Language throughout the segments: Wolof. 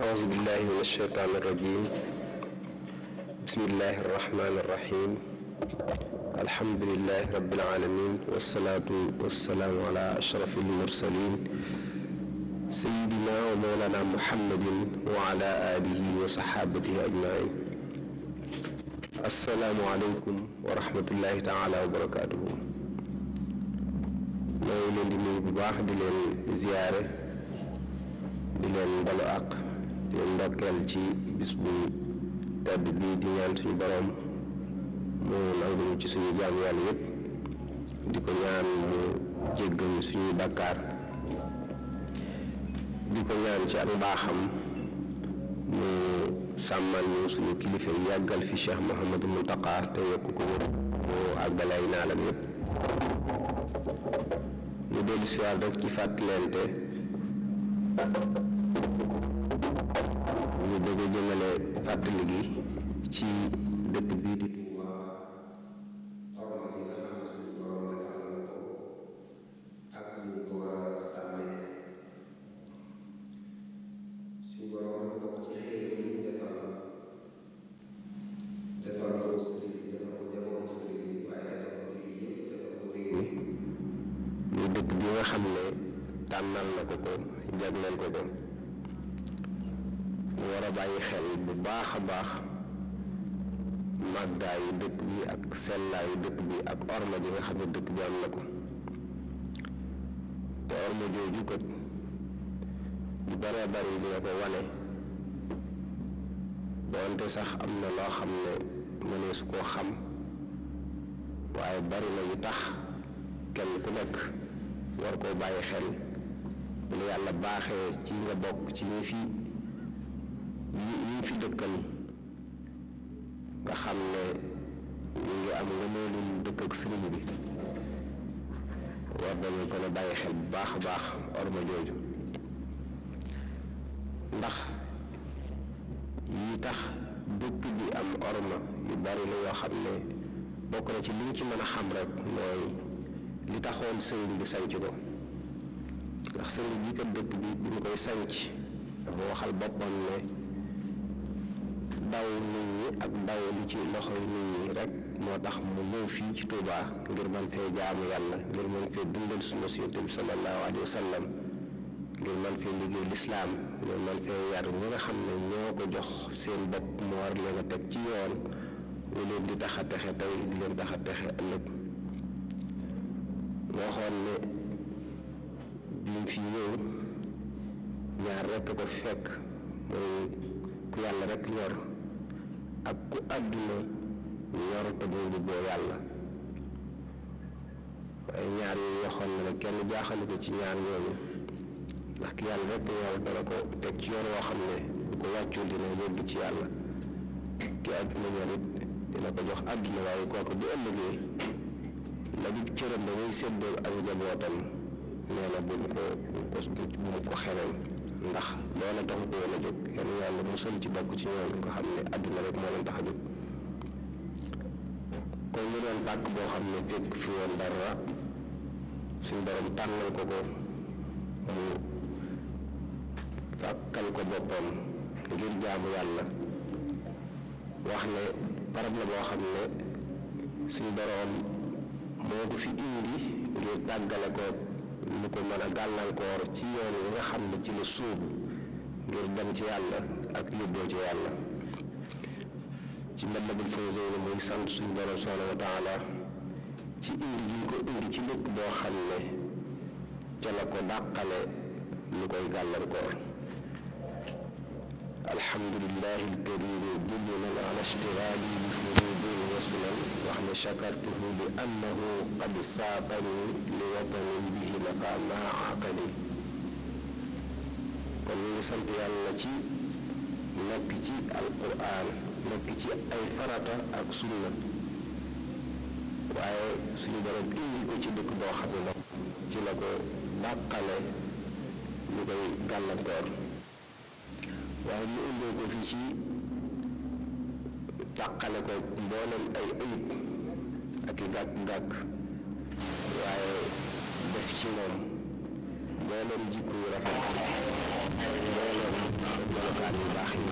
أعوذ بالله من الشيطان الرجيم بسم الله الرحمن الرحيم الحمد لله رب العالمين والصلاة والسلام على أشرف المرسلين سيدنا ومولانا محمد وعلى آله وصحابته أجمعين السلام عليكم ورحمة الله تعالى وبركاته di nuyu bu baax di leen ziyaare di leen balu àq di leen ndokkeel ci bis bu tedd bii di ñaan suñu boroom mu nanguñu ci suñu jaamu yàlla yépp di ko ñaan mu jéggal suñuy bàkkaar di ko ñaan ci ak mbaaxam mu sàmmal ñu suñu kilifa yi yàggal fi Cheikh Mouhamadou Mountakha te yokk ko mu àggale ay naalam yépp ñu dellu si waat rek ci fàttalente ñu bëgg a fàttali gi ci dëkk bii di orma ji nga xam ne dëkk bi am na ko te orma jooju kat yu bare bari dina ko wane doonte sax am na loo xam ne mënees koo xam waaye bari na yu tax kenn ku nekk war koo bàyyi xel bu la yàlla baaxee ci nga bokk ci ñi fi ñi fi dëkkal nga xam ne ñu ngi am nga nee luñ dëkk ak sëriñ bi war dañu gën a bàyyi xel bu baax a baax orma jooju ndax yi tax dëkk bi am orma yu bari la yoo xam ne bokk na ci li ñu ci mën a xam rek mooy li taxoon sëriñ bi sanc ko ndax sëriñ bi kat dëkk bi bi ñu koy sanc dafa waxal boppam ne daw nit ñi ak daw li ci loxoy nit ñi rek moo tax mu ñëw fii ci Touba ngir mën fee jaamu yàlla ngir mën fee dundal sunna si yonent bi sallallahu alayhi wa sallam ngir man fee liggéey lislaam ngir mën fee yar ñi nga xam ne ñoo ko jox seen bopp mu war la a teg ci yoon wu leen di tax a texe tey di leen tax a texe ëllëg waxoon ne biñ fi ñëw ñaar rekk ko fekk mooy ku yàlla rekk ñor ak ku àdduna ñu war a ko jëfandikoo yàlla waaye ñaar yooyu waxoon na ne kenn jaaxale ko ci ñaar yooyu ndax ki yàlla rekk yow dana ko teg ci yoon woo xam ne bu ko wàccul dina yëgg ci yàlla ki àdduna ñor it dina ko jox àdduna waaye kooku bu ëllëgee la du cëram ba muy séddoo nee na bu mu ko bu mu ko xelal ndax loola taxu ko woon a jóg yàlla musal ci bokk ci ñoom ko xam ne àdduna rek moo leen tax a jóg kon mu doon pàkk boo xam ne fekk fi woon dara suñ borom tànnal ko ko mu fàkkal ko boppam ngir jaamu yàlla wax ne barab la boo xam ne suñ borom moo ko fi indi ngir tàggale ko lu ko mën a gàllankoor ci yoon yi nga xam ne ci la suubu ngir dem ci yàlla ak yóbboo ci yàlla ci Matlabul Fawzayni muy sant suñu borom subhanahu wa taala ci indi gi ko indi ci lépp boo xam ne ca la ko dàqale lu koy gàllankoor alhamdulillahi alkarimi dullana ala ishtigali bi furudin wa sunan wax ne shakartuhu bi annahu qad saabani li watanin bihi laqa maa aqali kon ñu ngi sant yàlla ci nekk ci alquran nekk ci ay farata ak sunna waaye suñu borom indi ko ci dëkk boo xam ne nag ci la ko dàqale ñu koy gàllankoor waaye ñu indee ko fii ci dàqale ko mboolem ay ayib ak i gàkk-gàkk waaye def ci moom mboolem jikko yu rafet mboolem melokaan baax yi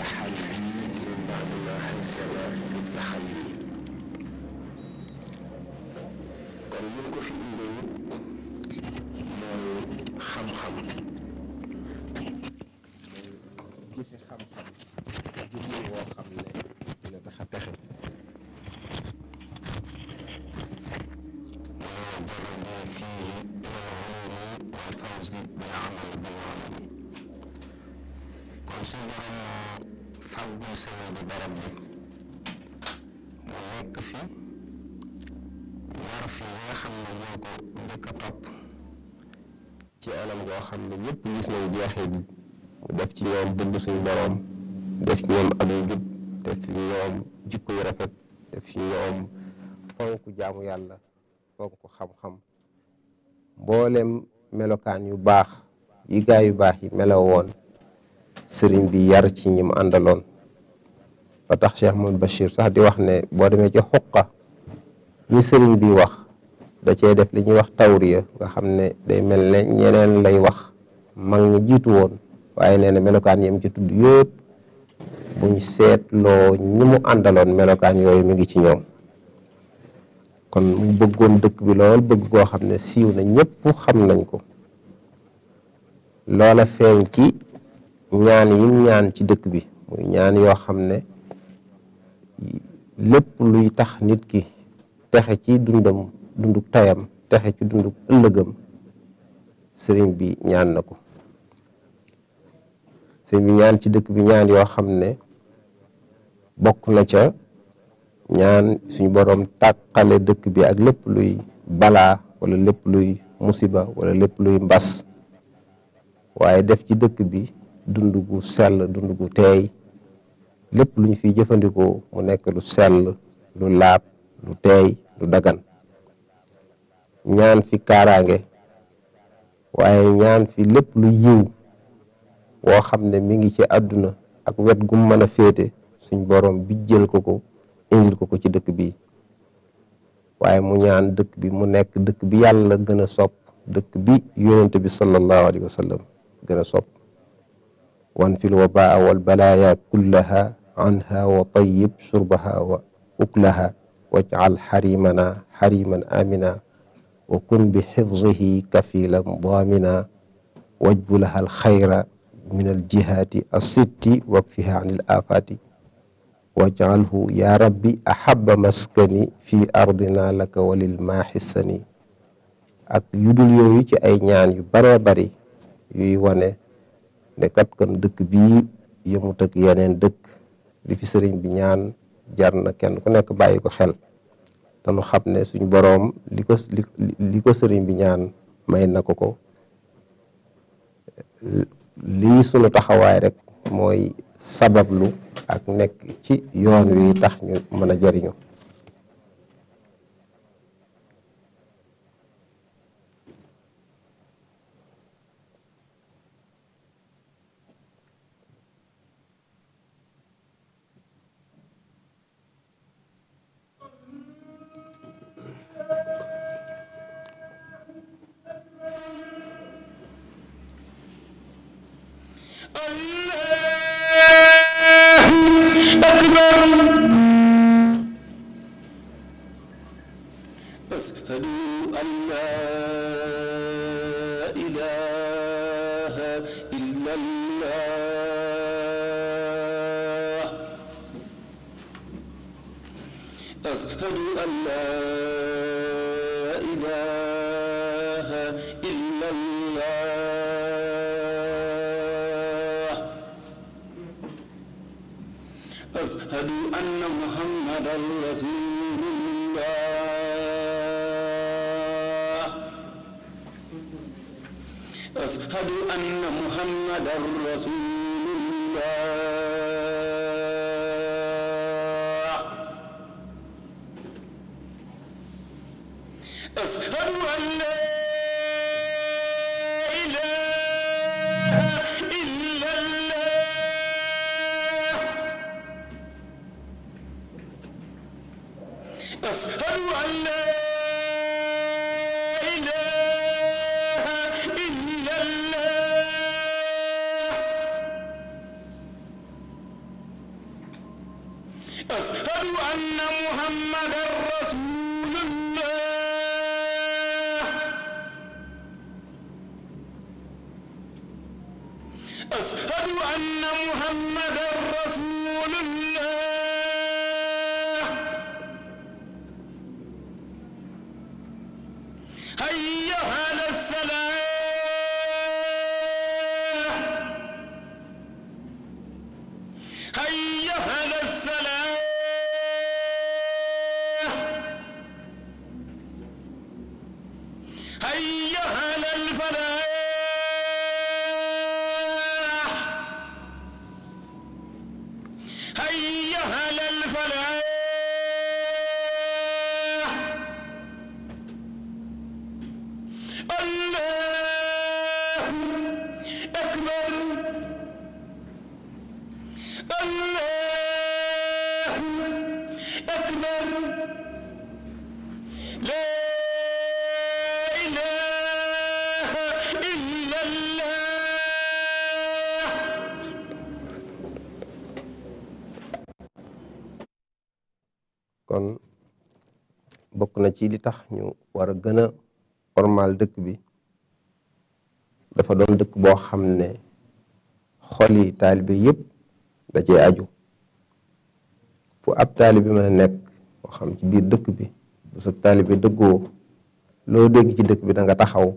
تحلي من بعد ما حزب بالتحلي kon ñu ko fi indee mooy xam-xam xam buñ sëriñ mu nekk fi nga xam ne ñoo ko njëkk a topp ci anam goo xam ne ñëpp gis nañ jeexit def ci ñoom dëgg suñu boroom def ci ñoom ak njub def ci ñoom jikko yu rafet def ci ñoom fonk jaamu yàlla ku xam-xam mboolem melokaan yu baax yi gaa yu baax yi melo woon sëriñ bi yar ci ñi mu àndaloon ba tax Cheikh Mouhamed Bachir sax di wax ne boo demee ci xuqa ñi sëriñ bi wax da cee def li ñuy wax tawriya nga xam ne day mel ne ñeneen lay wax mag ñi jiitu woon waaye nee na melokaan yi mu ci tudd yëpp buñ seetloo ñi mu àndaloon melokaan yooyu mi ngi ci ñoom kon mu bëggoon dëkk bi lool bëgg koo xam ne siiw na ñëpp xam nañ ko loola feeñ ci ñaan yim ñaan ci dëkk bi muy ñaan yoo xam ne lépp luy tax nit ki texe ci dundam dunduk tayam texe ci dunduk ëllëgam sëriñ bi ñaan na ko sëriñ bi ñaan ci dëkk bi ñaan yoo xam ne bokk na ca ñaan suñu borom tàqale dëkk bi ak lépp luy balaa wala lépp luy musiba wala lépp luy mbas waaye def ci dëkk bi dund gu sell dund gu teey lépp lu ñu fiy jëfandikoo mu nekk lu sell lu laab lu teey lu dagan ñaan fi kaaraange waaye ñaan fi lépp lu yiw woo xam ne mi ngi ci àdduna ak wet gum mën a féete suñ boroom bi jël ko ko indil ko ko ci dëkk bi waaye mu ñaan dëkk bi mu nekk dëkk bi yàlla gën a sob dëkk bi yonente bi sallallahu alayhi wa gën a sob wan fil wabaa wal balaaya kullaha anha wa tayyib shurbaha wa uklaha waj'al harimana hariman amina wa kun bi hifzihi kafilan damina wajbulaha alkhayra min aljihati assitti wakfiha anil afati waj'alhu ya rabbi ahabba maskani fi ardina laka walil mahisani ak yudul yooyu ci ay ñaan yu baree bari yuy wane ne kat kon dëkk bii yëmut ak yeneen dëkk li fi sëriñ bi ñaan jar na kenn ku nekk bàyyi ko xel te nu xam ne suñ boroom li ko ko sëriñ bi ñaan may na ko ko lii sunu taxawaay rek mooy sabablu ak nekk ci yoon wi tax ñu mën a jariñoo أشهد أن لا kon bokk na ci li tax ñu war a gën a dëkk bi dafa doon dëkk boo xam ne xol yi taalibe yépp da cee aju fu ab bi mën a nekk moo xam ci biir dëkk bi bu sab taalibe dëggoo loo dégg ci dëkk bi danga taxaw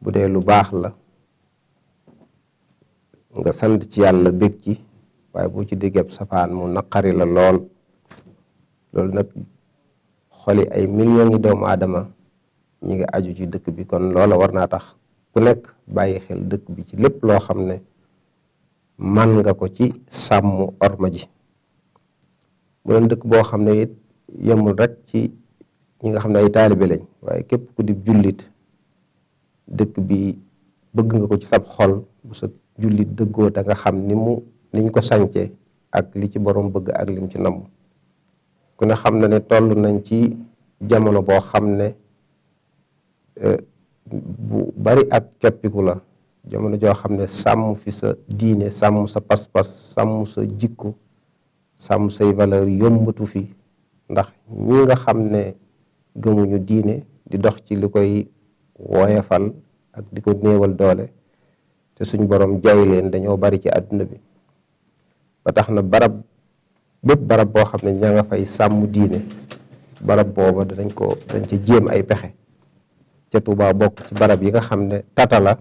bu dee lu baax la nga sant ci yàlla bég ci waaye boo ci déggee safaan mu naqari la lool loolu nag xoli ay millions ngi doomu aadama ñi ngi aju ci dëkk bi kon loola war naa tax ku nekk bàyyi xel dëkk bi ci lépp loo xam ne man nga ko ci sàmm orma ji mu doon dëkk boo xam ne it yemul rek ci ñi nga xam ne ay taalibe lañ waaye képp ku di jullit dëkk bi bëgg nga ko ci sab xol bu sa jullit dëggoo da nga xam ni mu niñ ko sance ak li ci boroom bëgg ak lim ci namm ku ne xam na ne toll nañ ci jamono boo xam ne eh, bu bari ab coppiku la jamono joo xam ne sàmm fi sa diine sàmm sa paspas pas sàmm sa jikko sàmm say valeur yombatu fi ndax ñi nga xam ne gëmuñu diine di dox ci li koy woyefal ak di ko néewal doole te suñ boroom jay leen dañoo bari ci àdduna bi ba tax na barab bépp barab boo xam ne ña nga fay sàmm diine barab booba danañ ko dañ ci jéem ay pexe ca Tuubaa bokk ci barab yi nga xam ne tatala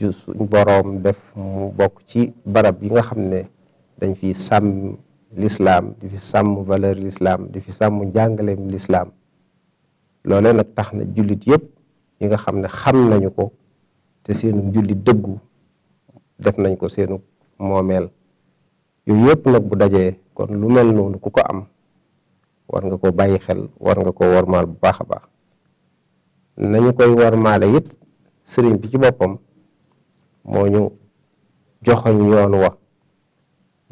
ju suñ boroom def mu bokk ci barab yi nga xam ne dañ fi sàmm lislaam di fi sàmm valeur lislaam di fi sàmm njàngaleem lislaam loole nag tax na jullit yëpp yi nga xam ne xam nañu ko te seenu jullit dëggu def nañ ko seenu moomeel yooyu yëpp nag bu dajee kon lu mel noonu ku ko am war nga ko bàyyi xel war nga ko wormaal bu baax a baax nañu koy wormaale it sëriñ bi ci boppam moo ñu joxoñ yoon wa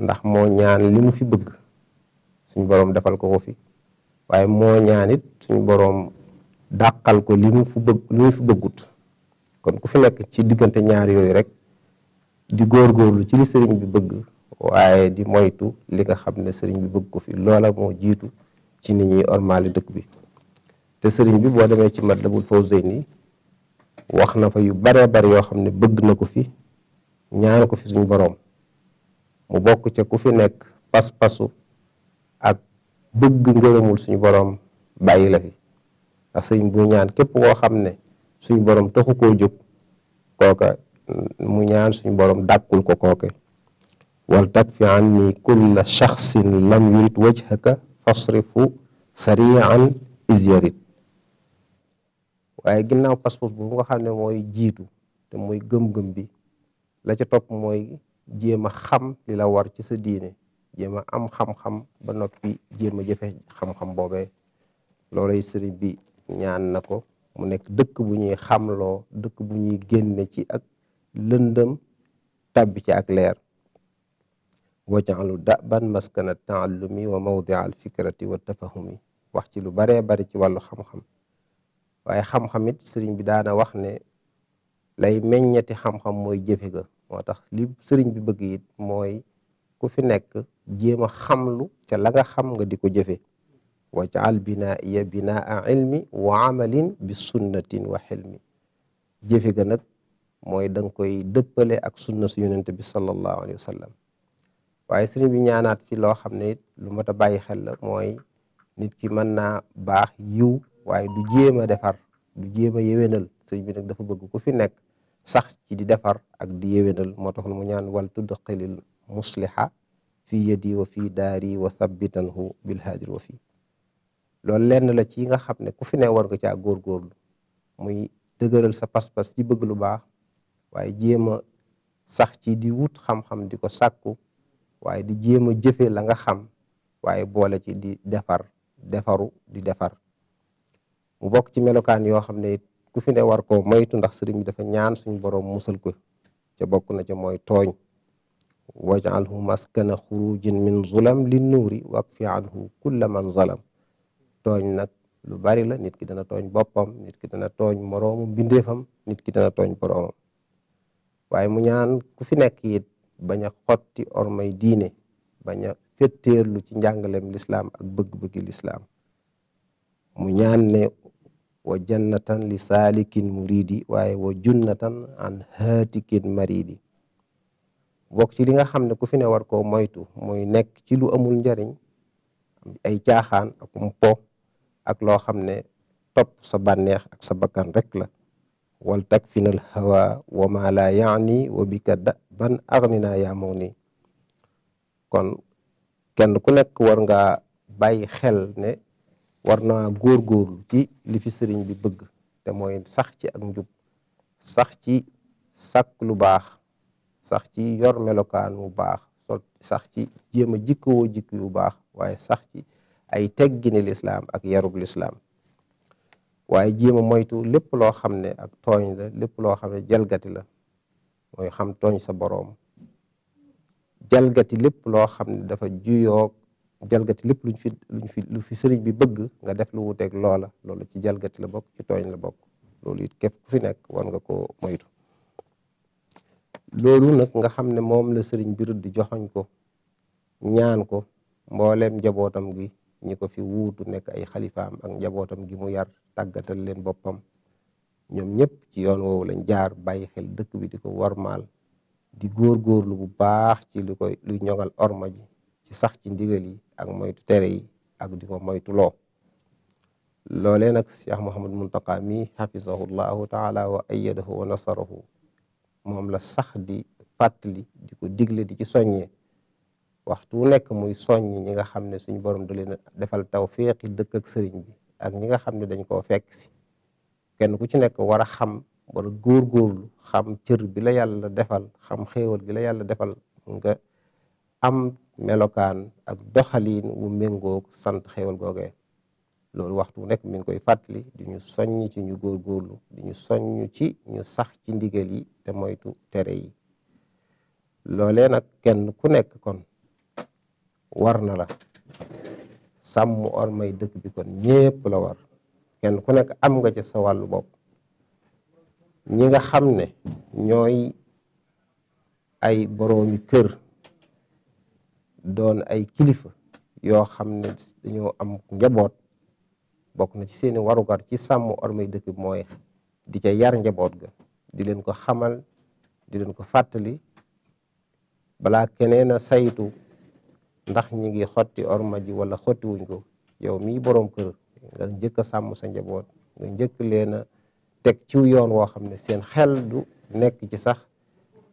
ndax moo ñaan li mu fi bëgg suñu boroom defal ko ko fi waaye moo ñaan it suñu boroom dàqal ko li mu fi bëggut kon ku fi nekk ci diggante ñaar yooyu rek di góor góorgóorlu ci li sëriñ bi bëgg waaye di moytu li nga xam ne sëriñ bi bëgg ko fi loola moo jiitu ci nit ñuy ormaali dëkk bi te sëriñ bi boo demee ci Matlabul Fawzayni wax na fa yu baree bari yoo xam ne bëgg na ko fi ñaan ko fi suñu boroom mu bokk ca ku fi nekk pas-pasu ak bëgg ngërëmul suñu boroom bàyyi la fi ndax sëñ bu ñaan képp koo xam ne suñ boroom taxu koo jóg kooka mu ñaan suñu boroom dàkkul ko kooke wal takfi anni kulla shaxsin lam yurid wajhaka fasrifu sarian is yarid waaye ginnaaw pas-pas boobu nga mooy jiitu te mooy gëm-gëm bi la ca top mooy jéem a xam li war ci sa diine jéem a am xam-xam ba noppi jéem a jëfe xam-xam boobee loolay bi ñaan na ko mu nekk dëkk bu ñuy xamloo dëkk bu ñuy génne ci ak lëndëm tàbbi ci ak leer wajalu ban maskana taallumi wa mawdia al fikrati wa tafahumi wax ci lu baree bari ci wàllu xam-xam waaye xam-xam it sëriñ bi daana wax ne lay meññati xam-xam mooy jëfe ga moo tax li sëriñ bi bëgg it mooy ku fi nekk jéem a xamlu ca la nga xam nga di ko jëfe wajal binaiya binaa ilmi wa amalin bi sunnatin wa xilmi jëfe ga nag mooy da koy dëppale ak sunna su yonente bi sallallahu alayhi wa sallam waaye sëriñ bi ñaanaat fi loo xam ne it lu mat a bàyyi xel mooy nit ki mën naa baax yiw waaye du jéem a defar du jéem a yéwénal sëñ bi nag dafa bëgg ku fi nekk sax ci di defar ak di yéwénal moo tax mu ñaan wal tudxilil musliha fii yadi wa fii daari wa sabbitanhu bil haadil wa fii lool lenn la ci nga xam ne ku fi ne war nga caa góorgóorlu muy dëgëral sa pas-pas ci bëgg lu baax waaye jéem a sax ci di wut xam-xam di ko sàkku waaye di jéem a jëfe la nga xam waaye boole ci di defar defaru di defar mu bokk ci melokaan yoo xam ne it ku fi ne war moytu ndax sëriñ bi dafa ñaan suñu boroom musal ko ca bokk na ca mooy tooñ waj'alhu maskana xurujin min zulam li nuuri wakfi anhu kulla man zalam tooñ nag lu bari la nit ki dana tooñ boppam nit ki dana tooñ moroomam bindeefam nit ki dana tooñ boroomam waaye mu ñaan ku fi nekk it bañ a xotti ormay diine bañ a ci njàngaleem lislaam ak bëgg-bëggi lislaam mu ñaan ne wa jannatan li saalikin muridi waaye wa junnatan an haatikin maridi bokk ci li nga xam ne ku fine ne war koo moytu muy nekk ci lu amul njariñ ay caaxaan ak mpo ak loo xam ne topp sa bànneex ak sa bakkan la wal takfina al hawa wa ma la yaani wa bika da ban aghnina ya muni kon kenn ku nekk war nga bàyyi xel ne war naa góorgóorlu ci li fi sëriñ bi bëgg te mooy sax ci ak njub sax ci sàkk lu baax sax ci yor melokaan wu baax sax ci jéem a jikkowoo jikk yu baax waaye sax ci ay teggini lislaam ak yarub lislaam waaye jéem a moytu lépp loo xam ne ak tooñ la lépp loo xam ne jalgati la mooy xam tooñ boroom jalgati lépp loo xam ne dafa juyoog jalgati lépp luñ fi luñ fi lu fi sëriñ bi bëgg nga def lu wuteeg loola loolu ci jalgati la bokk ci tooñ la bokk loolu it képp ku fi nekk war nga koo moytu loolu nag nga xam ne moom la sëriñ bi rëdd joxoñ ko ñaan ko mboolem njabootam gi ñi ko fi wuutu nekk ay xalifaam ak njabootam gi mu yar tàggatal leen boppam ñoom ñëpp ci yoon woowu lañ jaar bàyyi xel dëkk bi di ko war warmaal di góor góorlu bu baax ci lu koy lu ñoŋal orma ji ci sax ci ndigal yi ak moytu tere yi ak di ko moytu loo loolee nag Cheikh Mouhamad Muntaka mi xafisahullahu taala wa ayyadahu wa nasarahu moom la sax di fàttali di ko digle di ci soññee waxtu nekk muy soññi ñi nga xam ne suñ borom da leen defal tawféqi dëkk ak sëriñ bi ak ñi nga xam ne dañ koo fekk si kenn ku ci nekk war a xam war a góorgóorlu xam cër bi la yàlla defal xam xéewal gi la yàlla defal nga am melokaan ak doxaliin wu méngoog sant xéwal googee loolu waxtu nekk mi ngi koy fàttali di ñu soññ ci ñu góorgóorlu di ñu soññ ci ñu sax ci ndigal yi te moytu tere yi loole nag kenn ku nekk kon war na la sàmm or may dëkk bi kon ñépp la war kenn ku nekk am nga ci sa wàllu bopp ñi nga xam ne ñooy ay boroomi kër doon ay kilifa yoo xam ne dañoo am njaboot bokk na ci seeni warugar ci sàmm ormay dëkk bi mooy di ca yar njaboot ga di leen ko xamal di leen ko fàttali balaa keneena a saytu ndax ñi ngi xotti orma ji wala xotti wuñ ko yow mii boroom kër nga njëkk a sàmm sa njaboot nga njëkk leen a teg ci yoon woo xam ne seen xel du nekk ci sax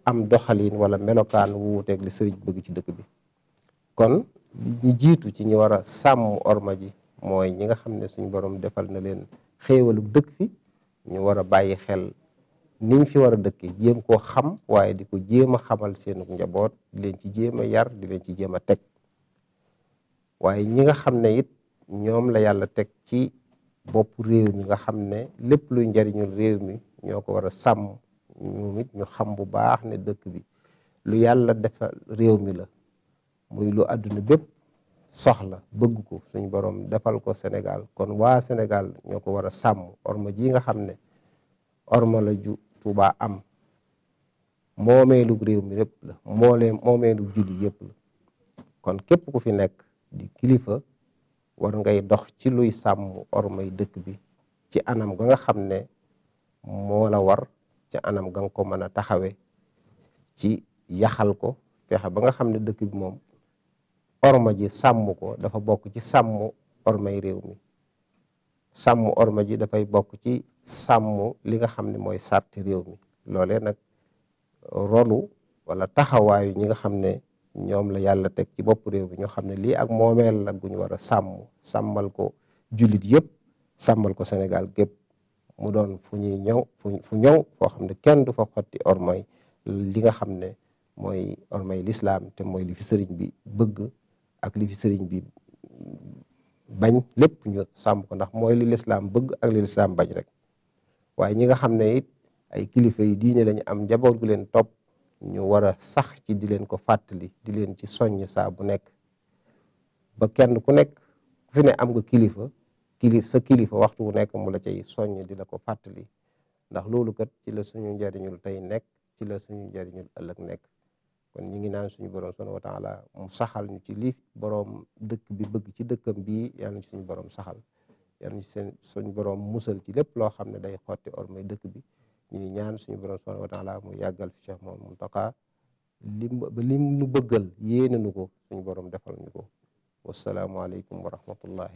am doxaliin wala melokaan wu wuuteeg li sëriñ bëgg ci dëkk bi kon ñi jiitu ci ñi war a sàmm orma ji mooy ñi nga xam ne suñu borom defal na leen xéewalu dëkk fi ñu war a bàyyi xel niñ fi war a dëkke jéem koo xam waaye di ko jéem a xamal seenuk njaboot leen ci jéem a yar di leen ci jéem a teg waaye ñi nga xam ne it ñoom la yàlla teg ci bopp réew mi nga xam ne lépp luy njariñul réew mi ñoo ko war a sàmm ñoom it ñu xam bu baax ne dëkk bi lu yàlla defal réew mi la muy lu àdduna bépp soxla bëgg ko suñu borom defal ko Sénégal kon waa Sénégal ñoo ko war a sàmm orma ji nga xam ne orma ju Tuuba am moomeelu réew mi répp la moolee moomeelu julli la kon képp ku fi nekk di kilifa war ngay dox ci luy sàmm ormay dëkk bi ci anam ga nga xam ne moo war ci anam ga nga ko mën a taxawe ci yaxal ko fexe ba nga xam ne dëkk bi moom orma ji sàmm ko dafa bokk ci sàmm ormay réew mi sàmm orma ji dafay bokk ci sàmm li nga xam ne mooy sarti réew mi loole nag rolu wala taxawaayu ñi nga xam ne ñoom la yàlla teg ci bopp réew mi ñoo xam ne lii ak moomeel la guñ war a sàmm sàmmal ko julit yëpp sàmmal ko Sénégal gépp mu doon fu ñuy ñëw fu ñëw foo xam ne kenn du fa xotti ormay li nga xam ne mooy ormay lislaam te mooy li fi sëriñ bi bëgg ak li fi sëriñ bi bañ lépp ñu sàmm ko ndax mooy li lislaam bëgg ak li lislaam bañ rek waaye ñi nga xam ne it ay kilifay yi diine lañu am njaboot gu leen topp ñu war a sax ci di leen ko fàttali di leen ci soññ saa bu nekk ba kenn ku nekk ku ne am nga kilifa kilif sa kilifa waxtu wu nekk mu la cay soññ di la ko fàttali ndax loolu kat ci la suñu njariñul tey nekk ci la suñu njariñul ëllëg nekk kon ñu ngi naan suñu borom subhanahu wa taala mu saxal ñu ci li borom dëkk bi bëgg ci dëkk bii yal na suñu borom saxal yal na seen suñu borom musal ci lépp loo xam ne day xotti or dëkk bi ñu ngi ñaan suñu borom subhanahu wa taala mu yàggal fi Cheikh moom mu lim lim bëggal yéene nu ko suñu borom defal ñu ko wasalaamualeykum wa rahmatullahi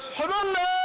أشهد أن لا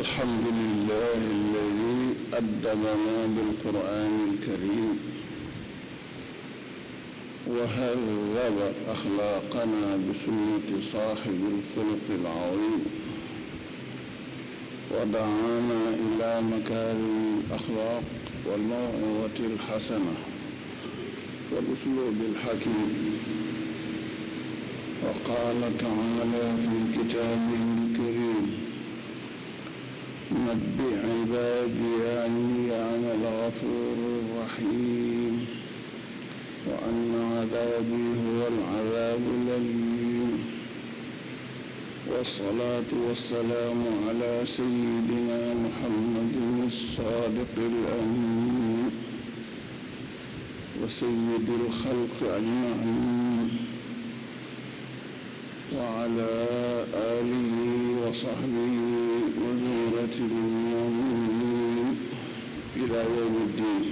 الحمد لله الذي أدبنا بالقرآن الكريم وهذب أخلاقنا بسنة صاحب الخلق العظيم ودعانا إلى مكارم الأخلاق والموعظة الحسنة والأسلوب الحكيم وقال تعالى في كتابه رب عبادي أني أنا الغفور الرحيم وأن عذابي هو العذاب الأليم والصلاة والسلام على سيدنا محمد الصادق الأمين وسيد الخلق أجمعين وعلى آله وصحبه وذرية المؤمنين إلى يوم الدين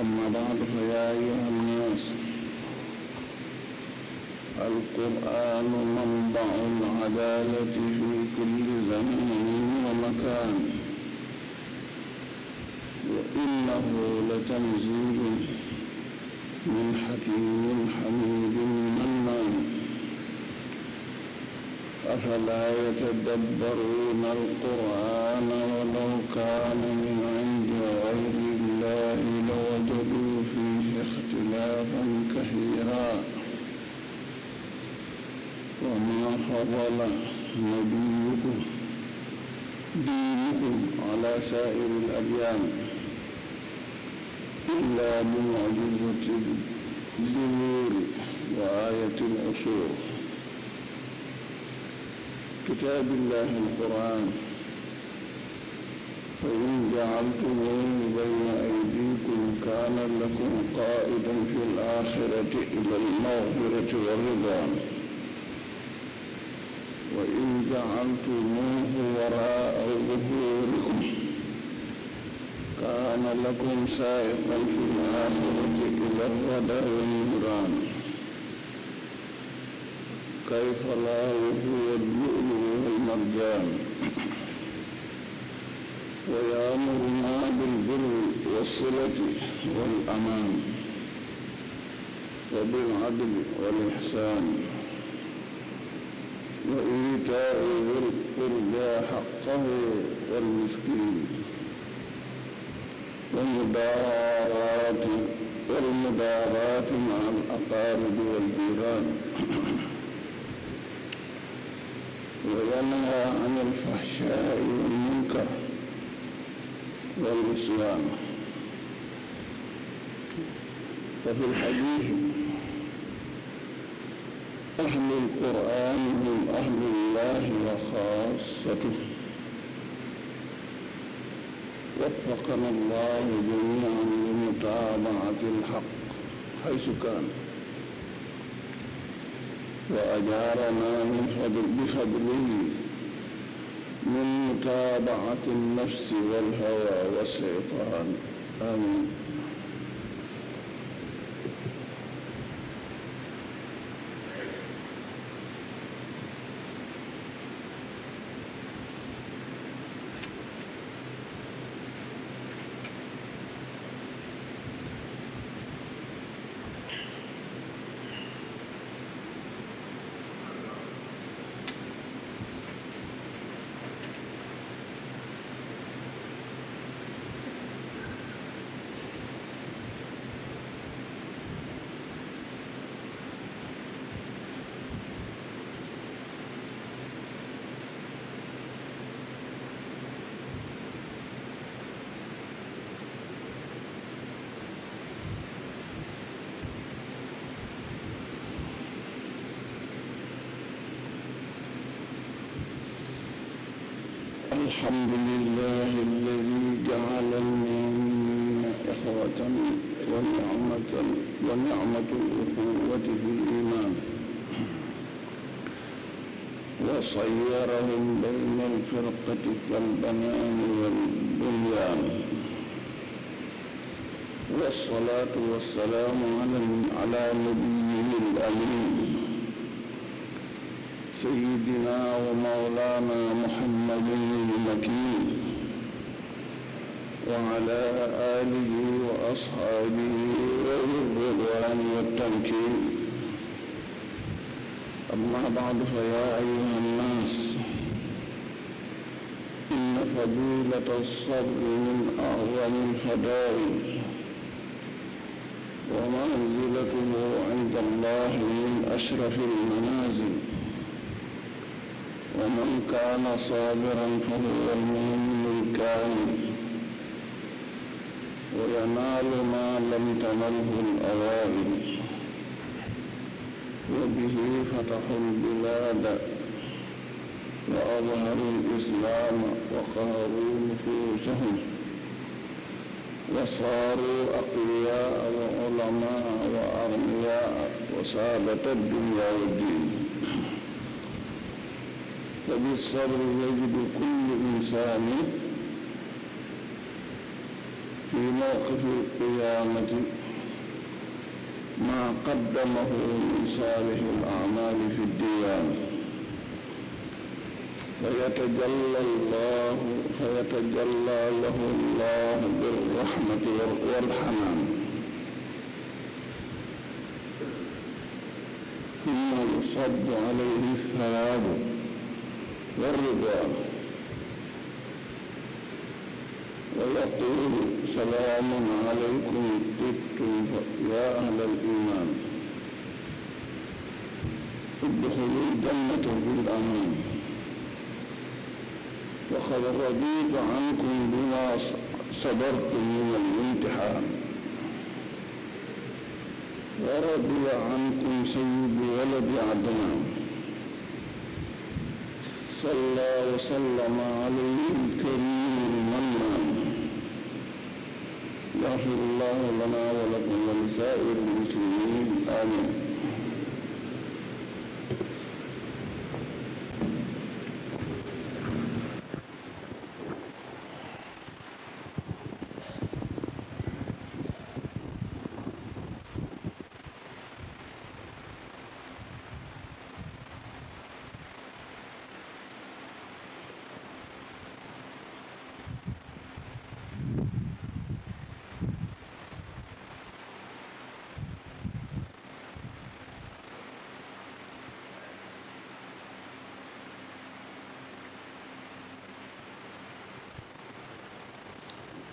أما بعد فيا أيها الناس القرآن منبع العدالة في كل زمان ومكان وإنه لتنزيل من حكيم حميد أفلا يتدبرون القرآن ولو كان من عند غير الله لوجدوا فيه اختلافا كثيرا وما فضل نبيكم دينكم على سائر الأديان إلا بمعجزة الدهور وآية العصور كتاب الله القرآن فإن جعلتموه بين أيديكم كان لكم قائدا في الآخرة إلى المغفرة والرضوان وإن جعلتموه وراء ظهوركم كان لكم سائقا في الآخرة إلى الردى والنيران كيف لا هو اللؤلؤ والمرجان ويامرنا بالبر والصلة والأمان وبالعدل والإحسان وإيتاء ذي القربى حقه والمسكين والمدارات والمدارات مع الأقارب والجيران وينهى عن الفحشاء والمنكر والعصيان وفي الحديث أهل القرآن هم أهل الله وخاصته وفقنا الله جميعا لمتابعة الحق حيث كان وأجارنا من فضل بفضله من متابعة النفس والهوى والشيطان آمين الحمد لله الذي جعل المؤمنين إخوة ونعمة ونعمة الأخوة بالإيمان وصيرهم بين الفرقة كالبنان والبنيان والصلاة والسلام على على نبيه الأمين سيدنا ومولانا محمد المكين وعلى آله وأصحابه وذي الرضوان والتمكين أما بعد فيا أيها الناس إن فضيلة الصبر من أعظم الفضائل ومنزلته عند الله من أشرف المنازل ومن كان صابرا فهو مؤمن كامل وينال ما لم تنله الأوائل وبه فتحوا البلاد وأظهروا الإسلام وقهروا نفوسهم وصاروا أقوياء وعلماء وأغنياء وسادة الدنيا والدين فبالصبر يجد كل إنسان في موقف القيامة ما قدمه من صالح الأعمال في الديان فيتجلى الله فيتجلى له الله بالرحمة والحنان ثم يصب عليه الثواب والرضا ويقول سلام عليكم طبتم يا أهل الإيمان ادخلوا الجنة بالأمان وقد رضيت عنكم بما صبرتم من الامتحان ورضي عنكم سيد ولد عدنان صلى وسلم عليه الكريم المنان يغفر الله لنا ولكم ولسائر المسلمين آمين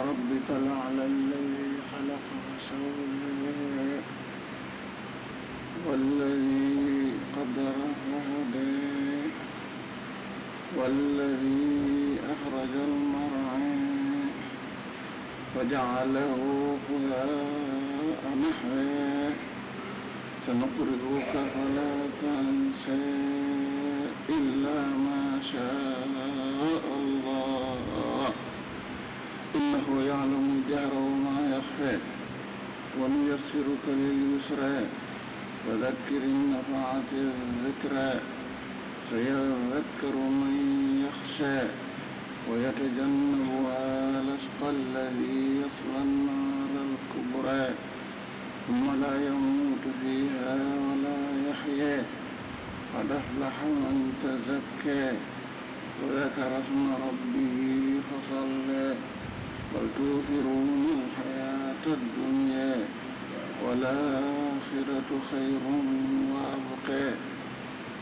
ربك الأعلى الذي خلق فسوي والذي قدر فهدي والذي أخرج المرعى وجعله غثاء نحوه سنقرئك فلا تنسى إلا ما شاء يعلم الجهر وما يخفى ونيسرك لليسرى وذكر النفعة الذكرى سيذكر من يخشى ويتجنبها الأشقى الذي يصلى النار الكبرى ثم لا يموت فيها ولا يحيا قد أفلح من تزكى وذكر اسم ربه فصلى وتؤثرون الحياة الدنيا والآخرة خير وأبقى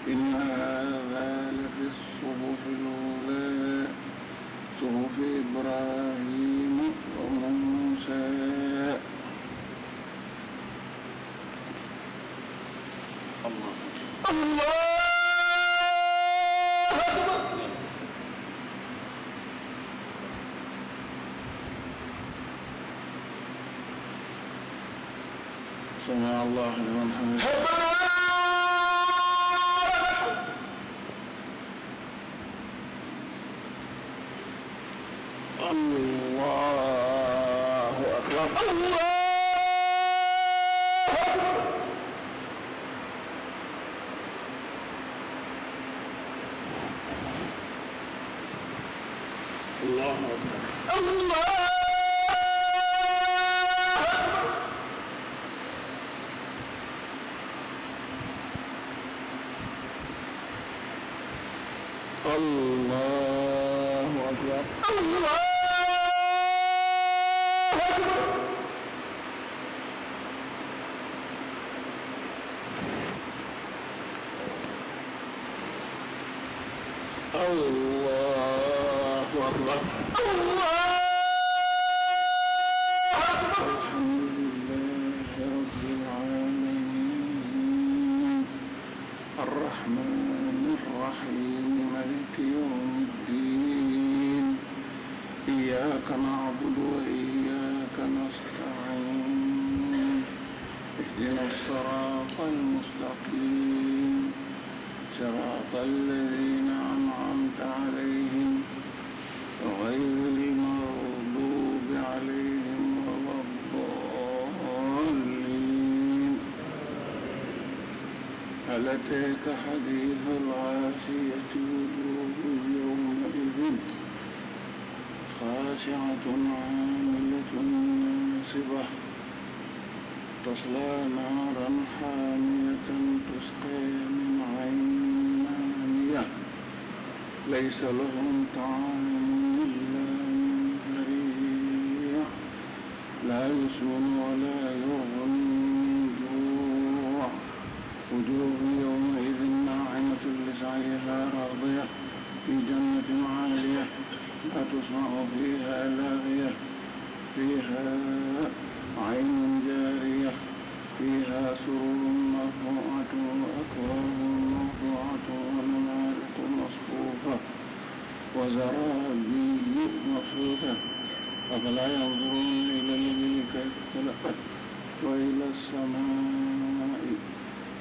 إن هذا لفي الصحف الأولى صحف إبراهيم وموسى الله الله أكبر سمع الله لمن حمده ربنا الله أكبر الله هل أتاك حديث الغاشية وجوه يومئذ خاشعة عاملة ناصبة تصلى نارا حامية تسقى من عين آنية ليس لهم طعام إلا من ضريع لا يسمن ولا يغني وجوه يومئذ ناعمة لسعيها راضية في جنة عالية لا تسمع فيها لاغية فيها عين جارية فيها سرور مرفوعة وأكواب موضوعة ومنارق مصفوفة وزرابي مبثوثة أفلا ينظرون إلى الإبل كيف خلقت وإلى السماء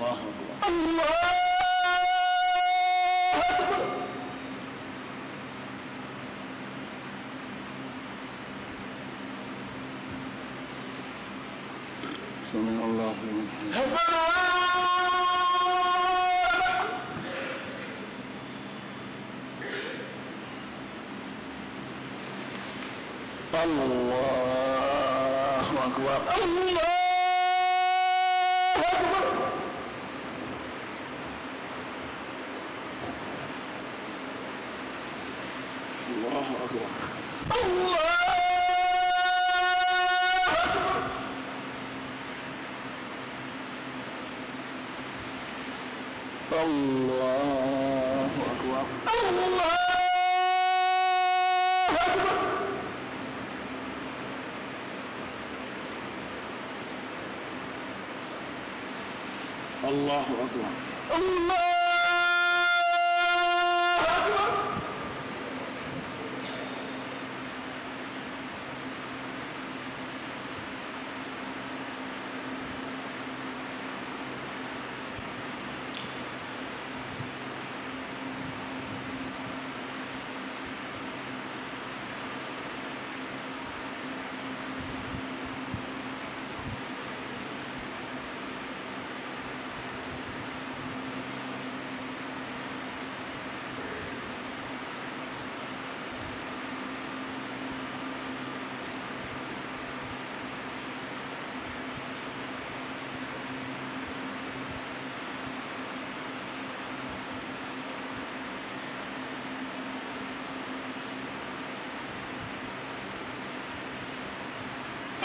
الله أكبر الله أكبر سمع الله لمن الله أكبر الله allahu akbar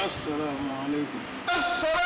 asalaamaaleykum.